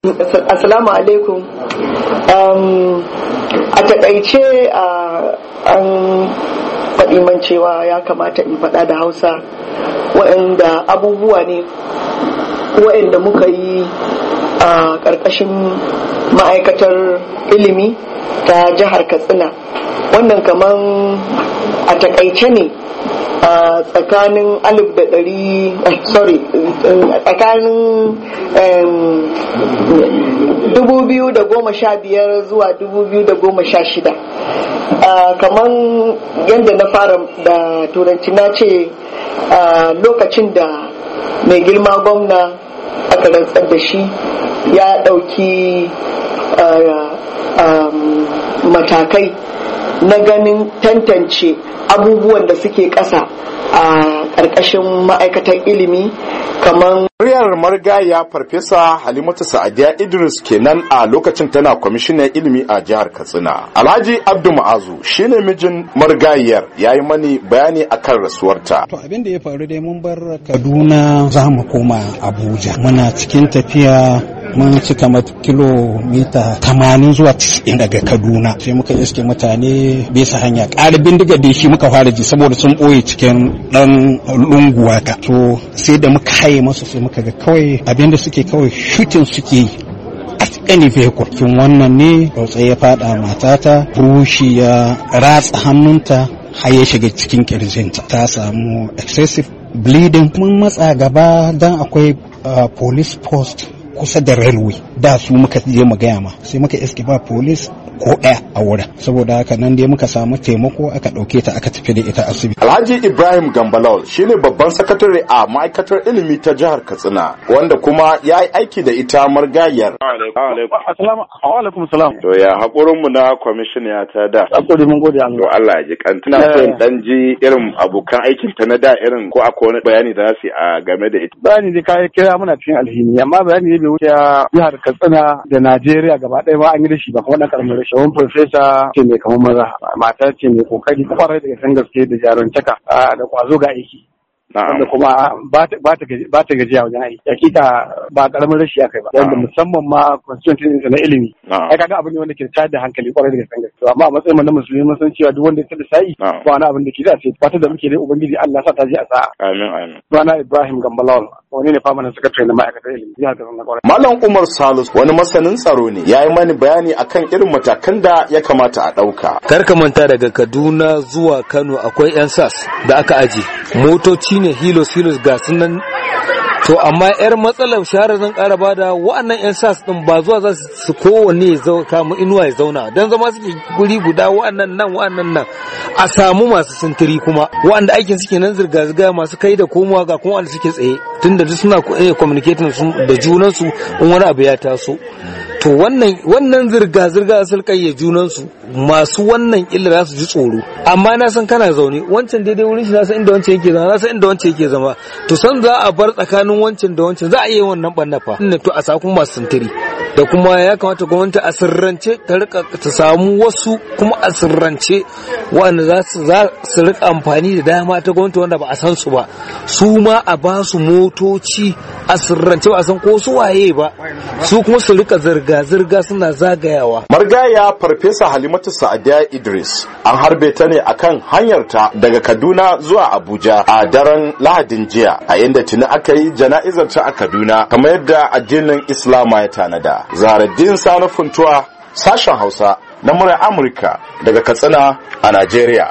Assalamu alaikum. Um, a takaice uh, an faɗi man cewa ya kamata in faɗa da Hausa waɗanda abubuwa ne waɗanda muka yi a uh, ƙarƙashin ma'aikatar ilimi ta jihar Katsina. Wannan kaman a takaice ne tsakanin alif da ɗari eh, sorry eh, tsakanin dubu biyu da goma sha biyar zuwa dubu biyu da goma sha shida kamar yadda na fara da turanci na ce lokacin da mai girma gwamna aka rantsar da shi ya ɗauki eh, matakai na ganin tantance abubuwan da suke ƙasa a ƙarƙashin ma'aikatan ilimi kamar Muryar Margaya farfesa Halimatu Sa'adiya Idris kenan a lokacin tana kwamishinan ilimi a jihar Katsina. Alhaji Abdu Ma'azu shine mijin marigayar ya yi mani bayani akan rasuwarta. To abin da ya faru dai mun bar Kaduna za mu koma Abuja. Muna cikin tafiya mun ci kamar kilomita tamanin zuwa 90 daga kaduna sai muka iske mutane bisa hanya karibin bindiga da shi muka fara ji saboda sun ɓoye cikin ɗan lunguwa ka to sai da muka haye masu sai muka ga kawai abinda suke kawai shutin suke yi any vehicle kin wannan ne tsautsayi ya fada matata rushi ya ratsa hannunta har ya shiga cikin kirjinta ta samu excessive bleeding mun matsa gaba dan akwai ah, police post kusa da railway da su muka je mu gaya ma sai muka iske ba police ko ɗaya a wurin saboda haka nan dai muka samu taimako aka ɗauke ta aka tafi da ita asibiti alhaji ibrahim gambalawal shine babban sakatare a ma'aikatar ilimi ta jihar katsina wanda kuma ya yi aiki da ita margayar alaikum salam to ya hakurin mu na kwamishin ya ta da hakuri mun gode Allah to Allah ya ji kanta ina so dan ji irin abokan aikin ta na da irin ko akwai wani bayani da zasu a game da ita bayani da kai kira muna cikin alhini amma bayani ne bai wuce jihar Katsina da Najeriya gaba ɗaya ba an yi da shi ba kuma da karamin tsohon farfesa ce mai kamar maza mata ce mai kokari kwarai da gaske da jaruntaka ah, da kwazo ga aiki wanda kuma ba ta gajiya wajen aiki hakika ba karamin rashi kai ba wanda musamman ma constituency na ilimi ai kaga abin ne wanda ke tayar da hankali kwarai daga sanga to amma a matsayin mu na musulmi mun san cewa duk wanda ya sai ba wani abin da ke da sai fata da muke dai ubangiji Allah sa ta ji a sa'a amin amin sunana Ibrahim Gambalawal wani ne famanin sakatare na ma'aikatar ilimi jihar Kaduna kwarai Malam Umar Salus wani masanin tsaro ne ya yi mani bayani akan irin matakan da ya kamata a ɗauka karka ka manta daga Kaduna zuwa Kano akwai 'yan sas da aka aji motoci ne hilos hilos ga sunan to amma yar matsalar shahara zan kara bada wa'annan yan sas din ba zuwa za su kowanne ya inuwa ya zauna don zama suke guri guda wa'annan nan wa'annan nan a samu masu sintiri kuma wa'anda aikin suke nan zirga zirga masu kai da komowa ga kuma wanda suke tsaye tunda duk suna eh, communicating da junansu in wani abu ya taso to wannan wannan zirga zirga sun kayye junan su masu wannan illa za su ji tsoro amma na san kana zaune wancan daidai wurin shi na san inda wancan yake zama na san inda wancan yake zama to san za a bar tsakanin wancan da wancan za a iya wannan bannafa fa to a sakun masu sintiri da kuma ya kamata gwamnati a sirrance ta rika ta samu wasu kuma a sirrance wanda za su za su rika amfani da dama ta gwamnati wanda ba a san su ba su ma a ba su motoci a sirrance ba a san ko su waye ba su kuma su rika zirga zirga suna zagayawa margaya farfesa halimatu sa'adiya idris an harbe ta ne akan hanyarta daga kaduna zuwa abuja a daren lahadin jiya a inda tuni aka yi jana'izar ta a kaduna kamar yadda addinin islama ya tanada Zaradin sanufuntuwa Sani sashen Hausa na murar Amurka daga Katsina a Najeriya.